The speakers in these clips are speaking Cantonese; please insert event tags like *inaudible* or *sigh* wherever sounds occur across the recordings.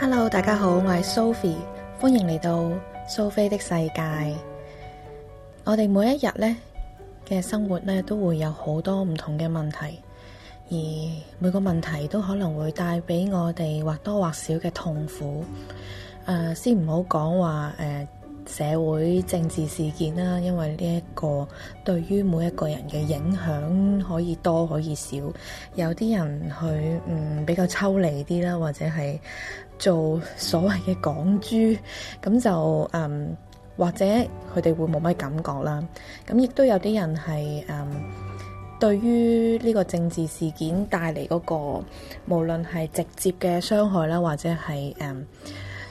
Hello，大家好，我係 Sophie，歡迎嚟到 Sophie 的世界。我哋每一日咧嘅生活咧，都會有好多唔同嘅問題，而每個問題都可能會帶俾我哋或多或少嘅痛苦。誒、呃，先唔好講話誒。呃社會政治事件啦，因為呢一個對於每一個人嘅影響可以多可以少，有啲人佢嗯比較抽離啲啦，或者係做所謂嘅港豬，咁就嗯或者佢哋會冇乜感覺啦。咁亦都有啲人係嗯對於呢個政治事件帶嚟嗰個無論係直接嘅傷害啦，或者係嗯，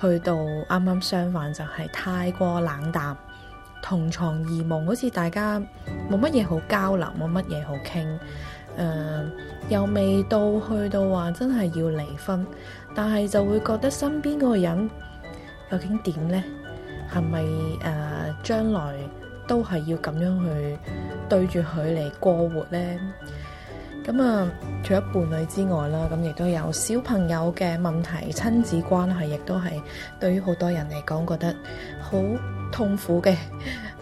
去到啱啱相反，就係太過冷淡，同床異夢，好似大家冇乜嘢好交流，冇乜嘢好傾。誒、呃，又未到去到話真係要離婚，但係就會覺得身邊嗰個人究竟點呢？係咪誒將來都係要咁樣去對住佢嚟過活呢？咁啊，除咗伴侶之外啦，咁亦都有小朋友嘅問題，親子關係亦都係對於好多人嚟講，覺得好痛苦嘅。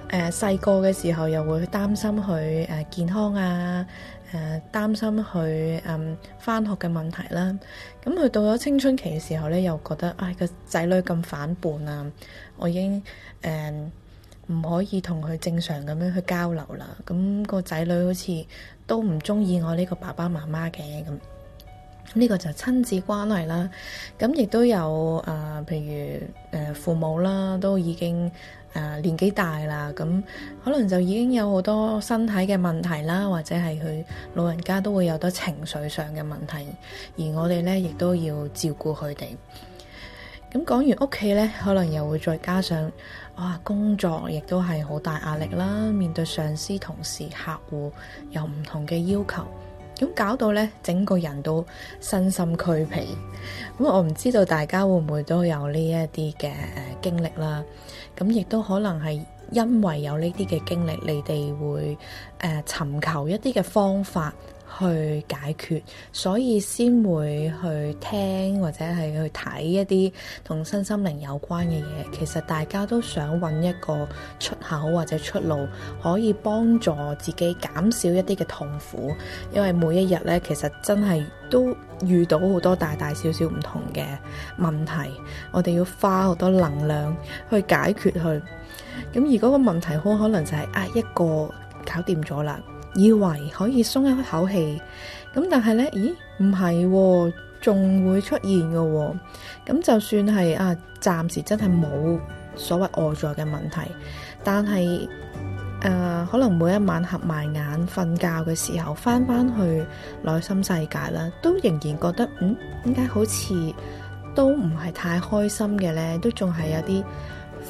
誒細個嘅時候又會擔心佢誒健康啊，誒擔心佢嗯翻學嘅問題啦。咁佢到咗青春期嘅時候咧，又覺得唉，個仔女咁反叛啊，我已經。誒、嗯。唔可以同佢正常咁樣去交流啦，咁、那個仔女好似都唔中意我呢個爸爸媽媽嘅咁，呢個就親子關係啦。咁亦都有誒，譬、呃、如誒、呃、父母啦，都已經誒、呃、年紀大啦，咁可能就已經有好多身體嘅問題啦，或者係佢老人家都會有好多情緒上嘅問題，而我哋呢，亦都要照顧佢哋。咁講完屋企咧，可能又會再加上啊工作，亦都係好大壓力啦。面對上司、同事、客戶，有唔同嘅要求，咁搞到咧，整個人都身心俱疲。咁我唔知道大家會唔會都有呢一啲嘅誒經歷啦。咁亦都可能係因為有呢啲嘅經歷，你哋會誒、呃、尋求一啲嘅方法去解決，所以先會去聽或者係去睇一啲同身心靈有關嘅嘢。其實大家都想揾一個出口或者出路，可以幫助自己減少一啲嘅痛苦。因為每一日呢，其實真係都遇到好多大大小小唔同嘅問題，我哋要花好多能量去解決佢。咁如果個問題好可能就係、是、啊一個搞掂咗啦。以為可以鬆一口氣，咁但係呢，咦，唔係、哦，仲會出現嘅喎、哦。咁就算係啊、呃，暫時真係冇所謂外在嘅問題，但係誒、呃，可能每一晚合埋眼瞓覺嘅時候，返返去內心世界啦，都仍然覺得，嗯，點解好似都唔係太開心嘅呢？都仲係有啲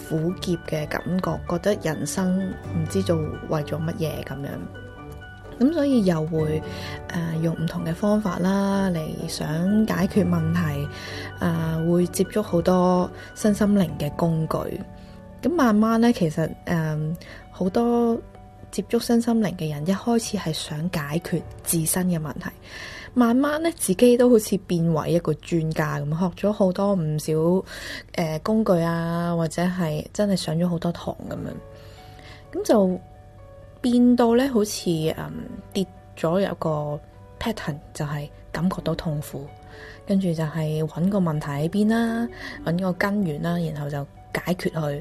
苦澀嘅感覺，覺得人生唔知做為咗乜嘢咁樣。咁所以又會誒、呃、用唔同嘅方法啦，嚟想解決問題，誒、呃、會接觸好多身心靈嘅工具。咁慢慢咧，其實誒好、呃、多接觸身心靈嘅人，一開始係想解決自身嘅問題，慢慢咧自己都好似變為一個專家咁，學咗好多唔少誒、呃、工具啊，或者係真係上咗好多堂咁樣，咁就。變到咧，好似誒、嗯、跌咗有一個 pattern，就係感覺到痛苦，跟住就係揾個問題喺邊啦，揾個根源啦，然後就解決佢。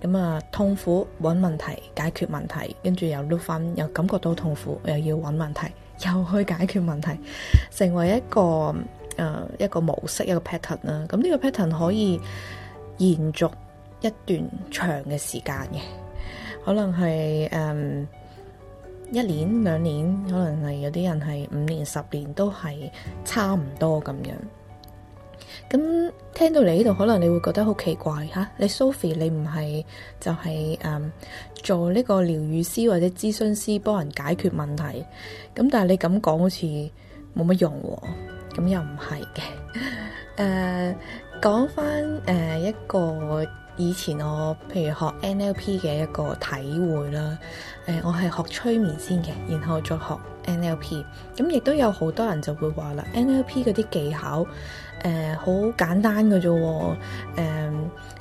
咁啊，痛苦揾問題，解決問題，跟住又 loop 翻，又感覺到痛苦，又要揾問題，又去解決問題，成為一個誒、呃、一個模式一個 pattern 啦。咁呢個 pattern 可以延續一段長嘅時間嘅。可能係誒、um, 一年兩年，可能係有啲人係五年十年都係差唔多咁樣。咁聽到你呢度，可能你會覺得好奇怪吓，你 Sophie 你唔係就係、是、誒、um, 做呢個療癒師或者諮詢師幫人解決問題，咁但係你咁、哦 *laughs* uh, 講好似冇乜用，咁又唔係嘅。誒，講翻誒一個。以前我譬如學 NLP 嘅一個體會啦，誒、呃、我係學催眠先嘅，然後再學 NLP，咁亦、嗯、都有好多人就會話啦，NLP 嗰啲技巧誒好、呃、簡單嘅啫，誒、呃、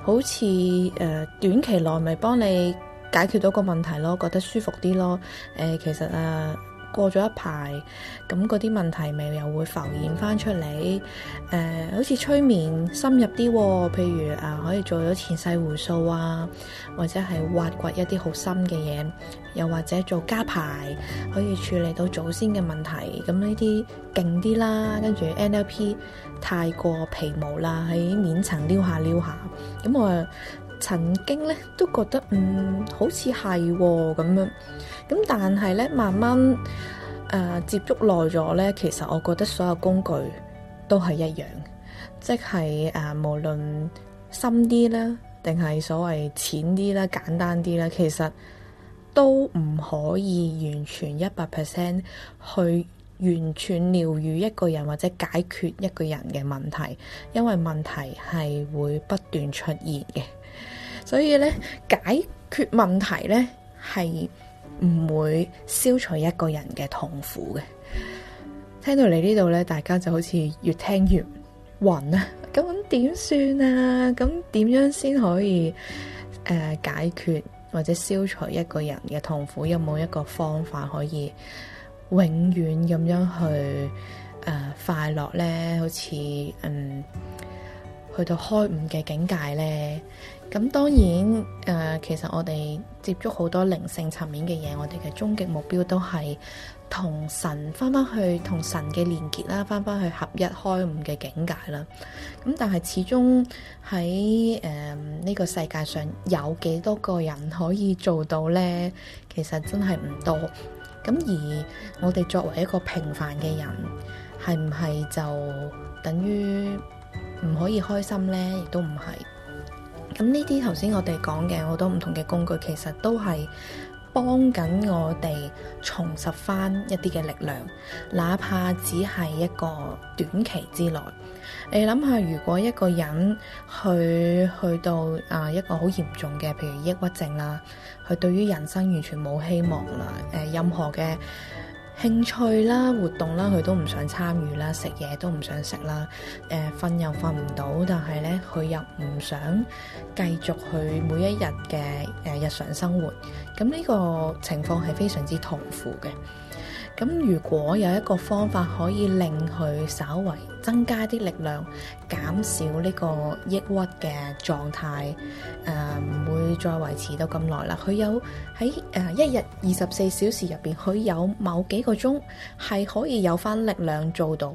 好似誒、呃、短期內咪幫你解決到個問題咯，覺得舒服啲咯，誒、呃、其實啊。過咗一排，咁嗰啲問題咪又會浮現翻出嚟？誒、呃，好似催眠深入啲，譬如啊、呃，可以做咗前世回溯啊，或者係挖掘一啲好深嘅嘢，又或者做家排，可以處理到祖先嘅問題。咁呢啲勁啲啦，跟住 NLP 太過皮毛啦，喺面層撩下撩下。咁我曾經咧都覺得嗯好似係咁樣，咁但係咧慢慢誒、呃、接觸耐咗咧，其實我覺得所有工具都係一樣，即係誒、呃、無論深啲啦，定係所謂淺啲啦，簡單啲啦，其實都唔可以完全一百 percent 去完全療癒一個人或者解決一個人嘅問題，因為問題係會不斷出現嘅。所以咧，解決問題咧，係唔會消除一個人嘅痛苦嘅。聽到你呢度咧，大家就好似越聽越暈 *laughs* 啊！咁點算啊？咁點樣先可以誒、呃、解決或者消除一個人嘅痛苦？有冇一個方法可以永遠咁樣去誒、呃、快樂咧？好似嗯。去到開悟嘅境界呢，咁當然誒、呃，其實我哋接觸好多靈性層面嘅嘢，我哋嘅終極目標都係同神返返去同神嘅連結啦，返返去合一開悟嘅境界啦。咁但係始終喺誒呢個世界上有幾多個人可以做到呢？其實真係唔多。咁而我哋作為一個平凡嘅人，係唔係就等於？唔可以開心呢，亦都唔係。咁呢啲頭先我哋講嘅好多唔同嘅工具，其實都係幫緊我哋重拾翻一啲嘅力量，哪怕只係一個短期之內。你諗下，如果一個人去去到啊一個好嚴重嘅，譬如抑鬱症啦，佢對於人生完全冇希望啦，誒任何嘅。興趣啦、活動啦，佢都唔想參與啦；食嘢都唔想食啦；誒、呃，瞓又瞓唔到，但係咧，佢又唔想繼續去每一日嘅誒日常生活。咁呢個情況係非常之痛苦嘅。咁如果有一個方法可以令佢稍為增加啲力量，減少呢個抑鬱嘅狀態，誒、呃、唔會再維持到咁耐啦。佢有喺誒、呃、一日二十四小時入邊，佢有某幾個鐘係可以有返力量做到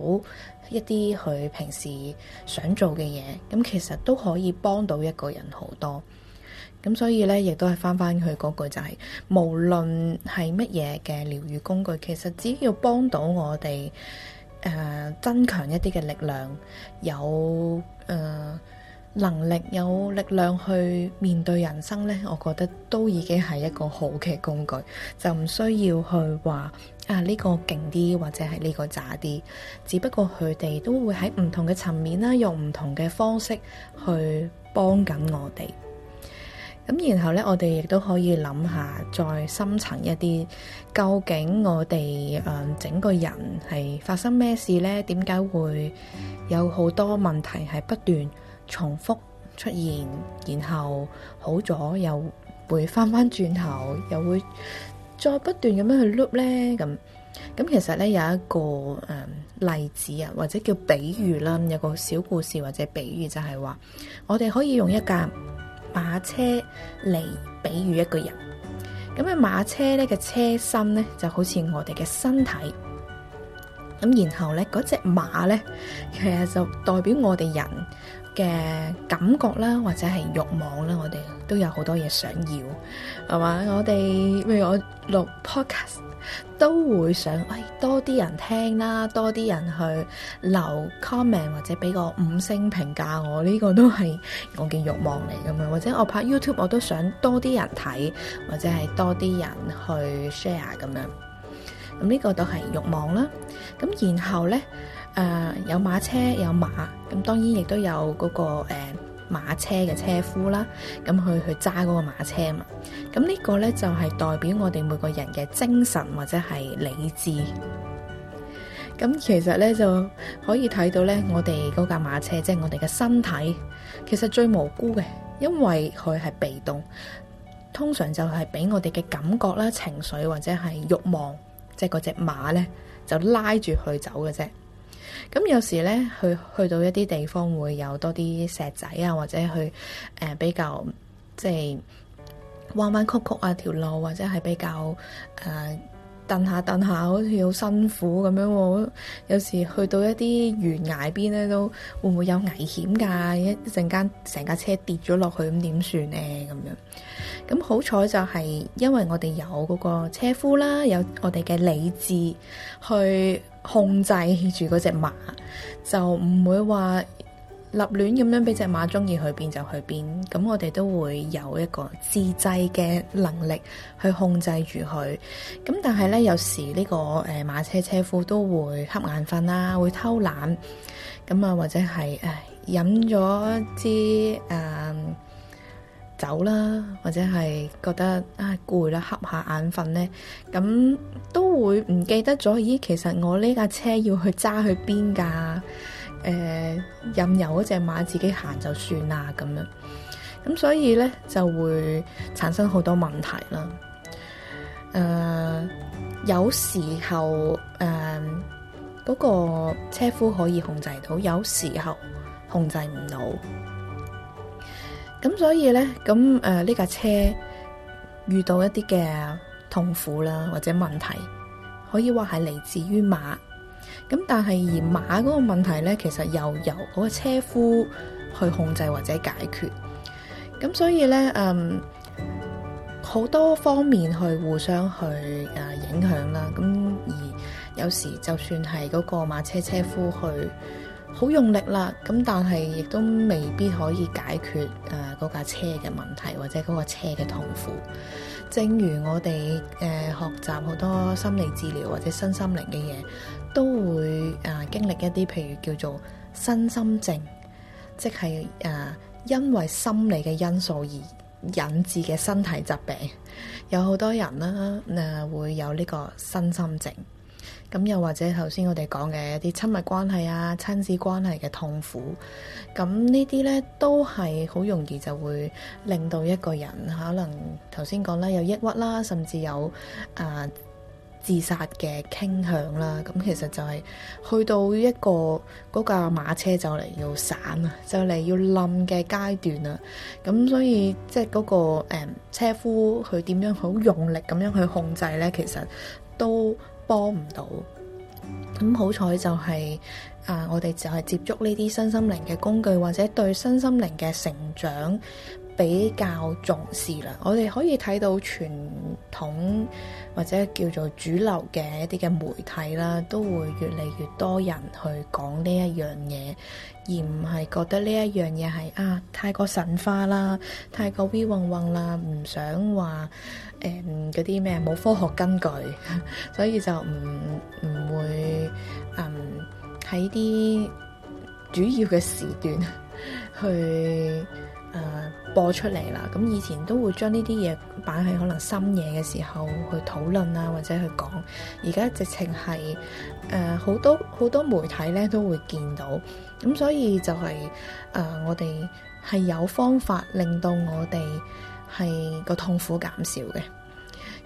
一啲佢平時想做嘅嘢，咁、呃、其實都可以幫到一個人好多。咁所以咧，亦都係翻翻去嗰句，就係，就係無論係乜嘢嘅療癒工具，其實只要幫到我哋誒、呃、增強一啲嘅力量，有誒、呃、能力，有力量去面對人生咧，我覺得都已經係一個好嘅工具，就唔需要去話啊，呢、呢個勁啲或者係呢個渣啲，只不過佢哋都會喺唔同嘅層面啦，用唔同嘅方式去幫緊我哋。咁，然後呢，我哋亦都可以諗下，再深層一啲，究竟我哋誒、呃、整個人係發生咩事呢？點解會有好多問題係不斷重複出現，然後好咗又會返返轉頭，又會再不斷咁樣去 loop 呢？咁咁其實呢，有一個誒、呃、例子啊，或者叫比喻啦，有個小故事或者比喻就係、是、話，我哋可以用一架。馬車嚟比喻一個人，咁嘅馬車咧嘅車身咧就好似我哋嘅身體，咁然後咧嗰隻馬咧其實就代表我哋人嘅感覺啦，或者係慾望啦，我哋都有好多嘢想要，係嘛？我哋譬如我錄 Podcast。都會想喂、哎、多啲人聽啦，多啲人去留 comment 或者俾個五星評價我呢，這個都係我嘅欲望嚟噶嘛，或者我拍 YouTube 我都想多啲人睇或者係多啲人去 share 咁樣，咁呢個都係欲望啦。咁然後呢，誒、呃、有馬車有馬，咁當然亦都有嗰、那個誒。呃馬車嘅車夫啦，咁去去揸嗰個馬車嘛，咁呢個呢，就係代表我哋每個人嘅精神或者係理智。咁其實呢，就可以睇到呢，我哋嗰架馬車即係我哋嘅身體，其實最無辜嘅，因為佢係被動，通常就係俾我哋嘅感覺啦、情緒或者係慾望，即係嗰隻馬呢，就拉住佢走嘅啫。咁有時咧，去去到一啲地方會有多啲石仔啊，或者去誒、呃、比較即係彎彎曲曲啊條路，或者係比較誒蹬下蹬下，好似好辛苦咁樣啊。我有時去到一啲懸崖邊咧，都會唔會有危險㗎？一陣間成架車跌咗落去咁點算咧？咁樣咁好彩就係因為我哋有嗰個車夫啦，有我哋嘅理智去控制住嗰隻馬，就唔會話立亂咁樣俾隻馬中意去邊就去邊。咁我哋都會有一個自制嘅能力去控制住佢。咁但係咧，有時呢、呢個誒、呃、馬車車夫都會瞌眼瞓啦，會偷懶咁啊，或者係誒飲咗支。誒。走啦，或者係覺得啊攰啦，瞌下眼瞓呢，咁都會唔記得咗。咦，其實我呢架車要去揸去邊噶？誒、呃，任由嗰隻馬自己行就算啦，咁樣。咁所以呢，就會產生好多問題啦。誒、呃，有時候誒嗰、呃個車夫可以控制到，有時候控制唔到。咁所以咧，咁誒呢架車遇到一啲嘅痛苦啦，或者問題，可以話係嚟自於馬。咁但係而馬嗰個問題咧，其實又由嗰個車夫去控制或者解決。咁所以咧，嗯，好多方面去互相去誒影響啦。咁而有時就算係嗰個馬車車夫去。好用力啦，咁但係亦都未必可以解決誒嗰架車嘅問題或者嗰個車嘅痛苦。正如我哋誒、呃、學習好多心理治療或者身心靈嘅嘢，都會誒、呃、經歷一啲譬如叫做身心症，即係誒、呃、因為心理嘅因素而引致嘅身體疾病。有好多人啦，誒、呃、會有呢個身心症。咁又或者頭先我哋講嘅一啲親密關係啊、親子關係嘅痛苦，咁呢啲呢都係好容易就會令到一個人可能頭先講啦，有抑鬱啦，甚至有啊、呃、自殺嘅傾向啦。咁其實就係去到一個嗰架馬車就嚟要散啊，就嚟要冧嘅階段啊。咁所以即係嗰個誒、嗯、車夫佢點樣好用力咁樣去控制呢？其實都～幫唔到，咁好彩就係，啊！我哋就係接觸呢啲身心靈嘅工具，或者對身心靈嘅成長比較重視啦，我哋可以睇到傳統或者叫做主流嘅一啲嘅媒體啦，都會越嚟越多人去講呢一樣嘢，而唔係覺得呢一樣嘢係啊太過神化啦，太過虛晃晃啦，唔想話誒嗰啲咩冇科學根據，所以就唔唔會嗯喺啲主要嘅時段去。誒播出嚟啦，咁以前都會將呢啲嘢擺喺可能深夜嘅時候去討論啊，或者去講。而家直情係誒好多好多媒體咧都會見到，咁所以就係誒我哋係有方法令到我哋係個痛苦減少嘅。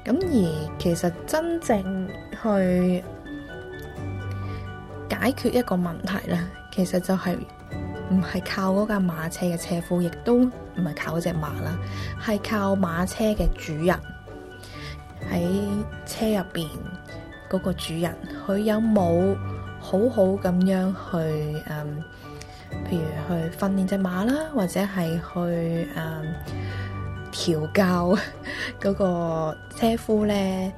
咁而其實真正去解決一個問題咧，其實就係。唔係靠嗰架馬車嘅車夫，亦都唔係靠嗰隻馬啦，係靠馬車嘅主人喺車入邊嗰個主人，佢有冇好好咁樣去誒、嗯，譬如去訓練隻馬啦，或者係去誒、嗯、調教嗰個車夫咧？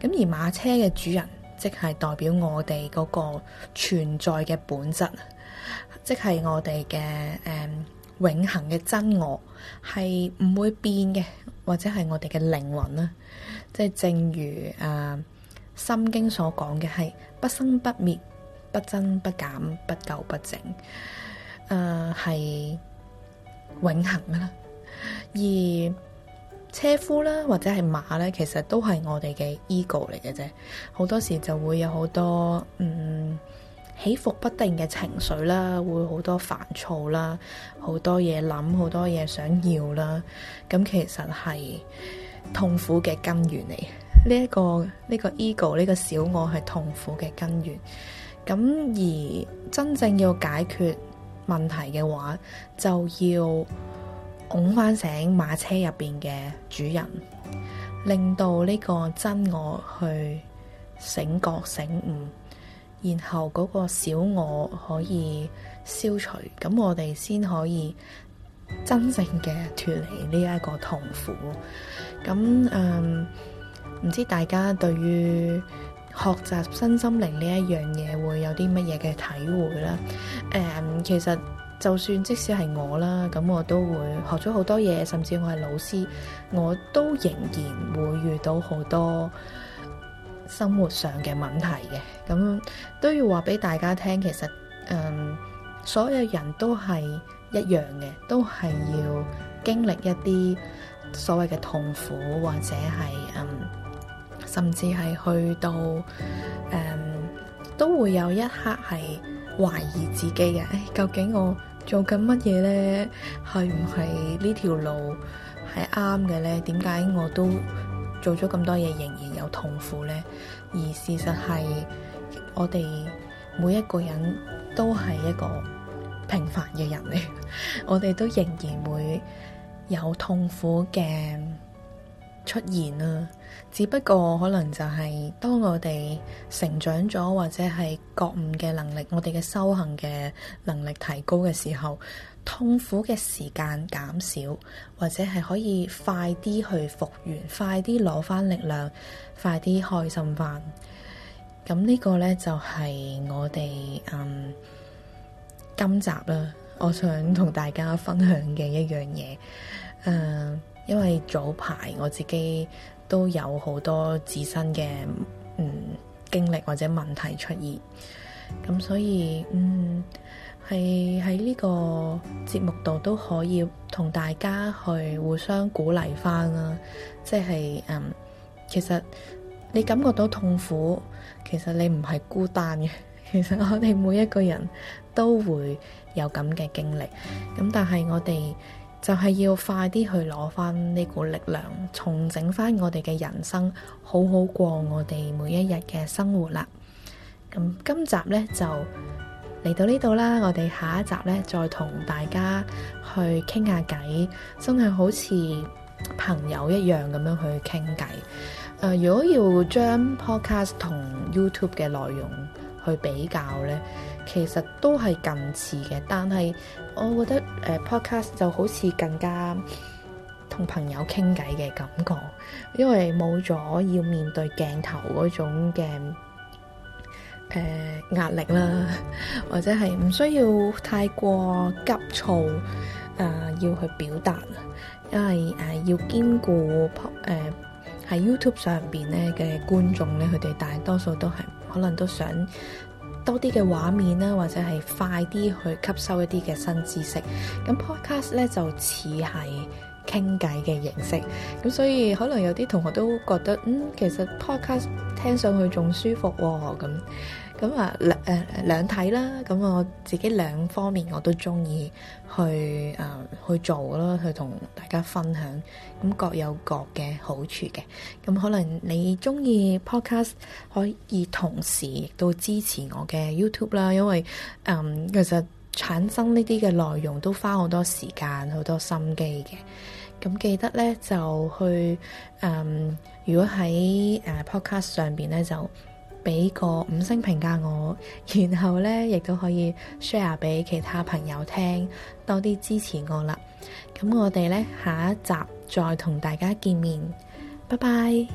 咁而馬車嘅主人。即係代表我哋嗰個存在嘅本質，即係我哋嘅誒永恒嘅真我，係唔會變嘅，或者係我哋嘅靈魂啦。即係正如誒、呃《心經》所講嘅，係不生不滅、不增不減、不垢不淨，誒、呃、係永恒噶啦。而車夫啦，或者係馬咧，其實都係我哋嘅 ego 嚟嘅啫。好多時就會有好多嗯起伏不定嘅情緒啦，會好多煩躁啦，好多嘢諗，好多嘢想要啦。咁其實係痛苦嘅根源嚟。呢一個呢個 ego 呢個小我係痛苦嘅根源。咁而真正要解決問題嘅話，就要。拱翻醒馬車入邊嘅主人，令到呢個真我去醒覺醒悟，然後嗰個小我可以消除，咁我哋先可以真正嘅脫離呢一個痛苦。咁嗯，唔知大家對於學習身心靈呢一樣嘢會有啲乜嘢嘅體會呢？誒、嗯，其實。就算即使係我啦，咁我都會學咗好多嘢，甚至我係老師，我都仍然會遇到好多生活上嘅問題嘅。咁都要話俾大家聽，其實，誒、嗯，所有人都係一樣嘅，都係要經歷一啲所謂嘅痛苦，或者係嗯，甚至係去到誒、嗯，都會有一刻係。懷疑自己嘅，究竟我做緊乜嘢呢？係唔係呢條路係啱嘅呢？點解我都做咗咁多嘢，仍然有痛苦呢？而事實係，我哋每一個人都係一個平凡嘅人嚟， *laughs* 我哋都仍然會有痛苦嘅。出現啦，只不過可能就係當我哋成長咗，或者係覺悟嘅能力，我哋嘅修行嘅能力提高嘅時候，痛苦嘅時間減少，或者係可以快啲去復原，快啲攞翻力量，快啲開心翻。咁呢個呢，就係我哋嗯今集啦，我想同大家分享嘅一樣嘢誒。嗯因為早排我自己都有好多自身嘅嗯經歷或者問題出現，咁所以嗯係喺呢個節目度都可以同大家去互相鼓勵返啦，即係嗯其實你感覺到痛苦，其實你唔係孤單嘅，其實我哋每一個人都會有咁嘅經歷，咁但係我哋，就係要快啲去攞翻呢股力量，重整翻我哋嘅人生，好好過我哋每一日嘅生活啦。咁今集呢，就嚟到呢度啦，我哋下一集呢，再同大家去傾下偈，真係好似朋友一樣咁樣去傾偈。誒、呃，如果要將 podcast 同 YouTube 嘅內容去比較呢，其實都係近似嘅，但係我覺得誒、uh, podcast 就好似更加同朋友傾偈嘅感覺，因為冇咗要面對鏡頭嗰種嘅誒、uh, 壓力啦，或者係唔需要太過急躁啊、uh, 要去表達，因為誒、uh, 要兼顧誒喺、uh, YouTube 上邊咧嘅觀眾咧，佢哋大多數都係可能都想。多啲嘅畫面啦，或者係快啲去吸收一啲嘅新知識。咁 Podcast 呢就似係。傾偈嘅形式，咁所以可能有啲同學都覺得，嗯，其實 podcast 聽上去仲舒服喎、哦，咁咁啊，誒兩睇、呃、啦，咁我自己兩方面我都中意去誒、呃、去做啦，去同大家分享，咁各有各嘅好處嘅，咁可能你中意 podcast，可以同時亦都支持我嘅 YouTube 啦，因為嗯、呃、其實。產生呢啲嘅內容都花好多時間，好多心機嘅，咁記得呢，就去，嗯，如果喺誒 Podcast 上邊呢，就俾個五星評價我，然後呢，亦都可以 share 俾其他朋友聽，多啲支持我啦。咁我哋呢，下一集再同大家見面，拜拜。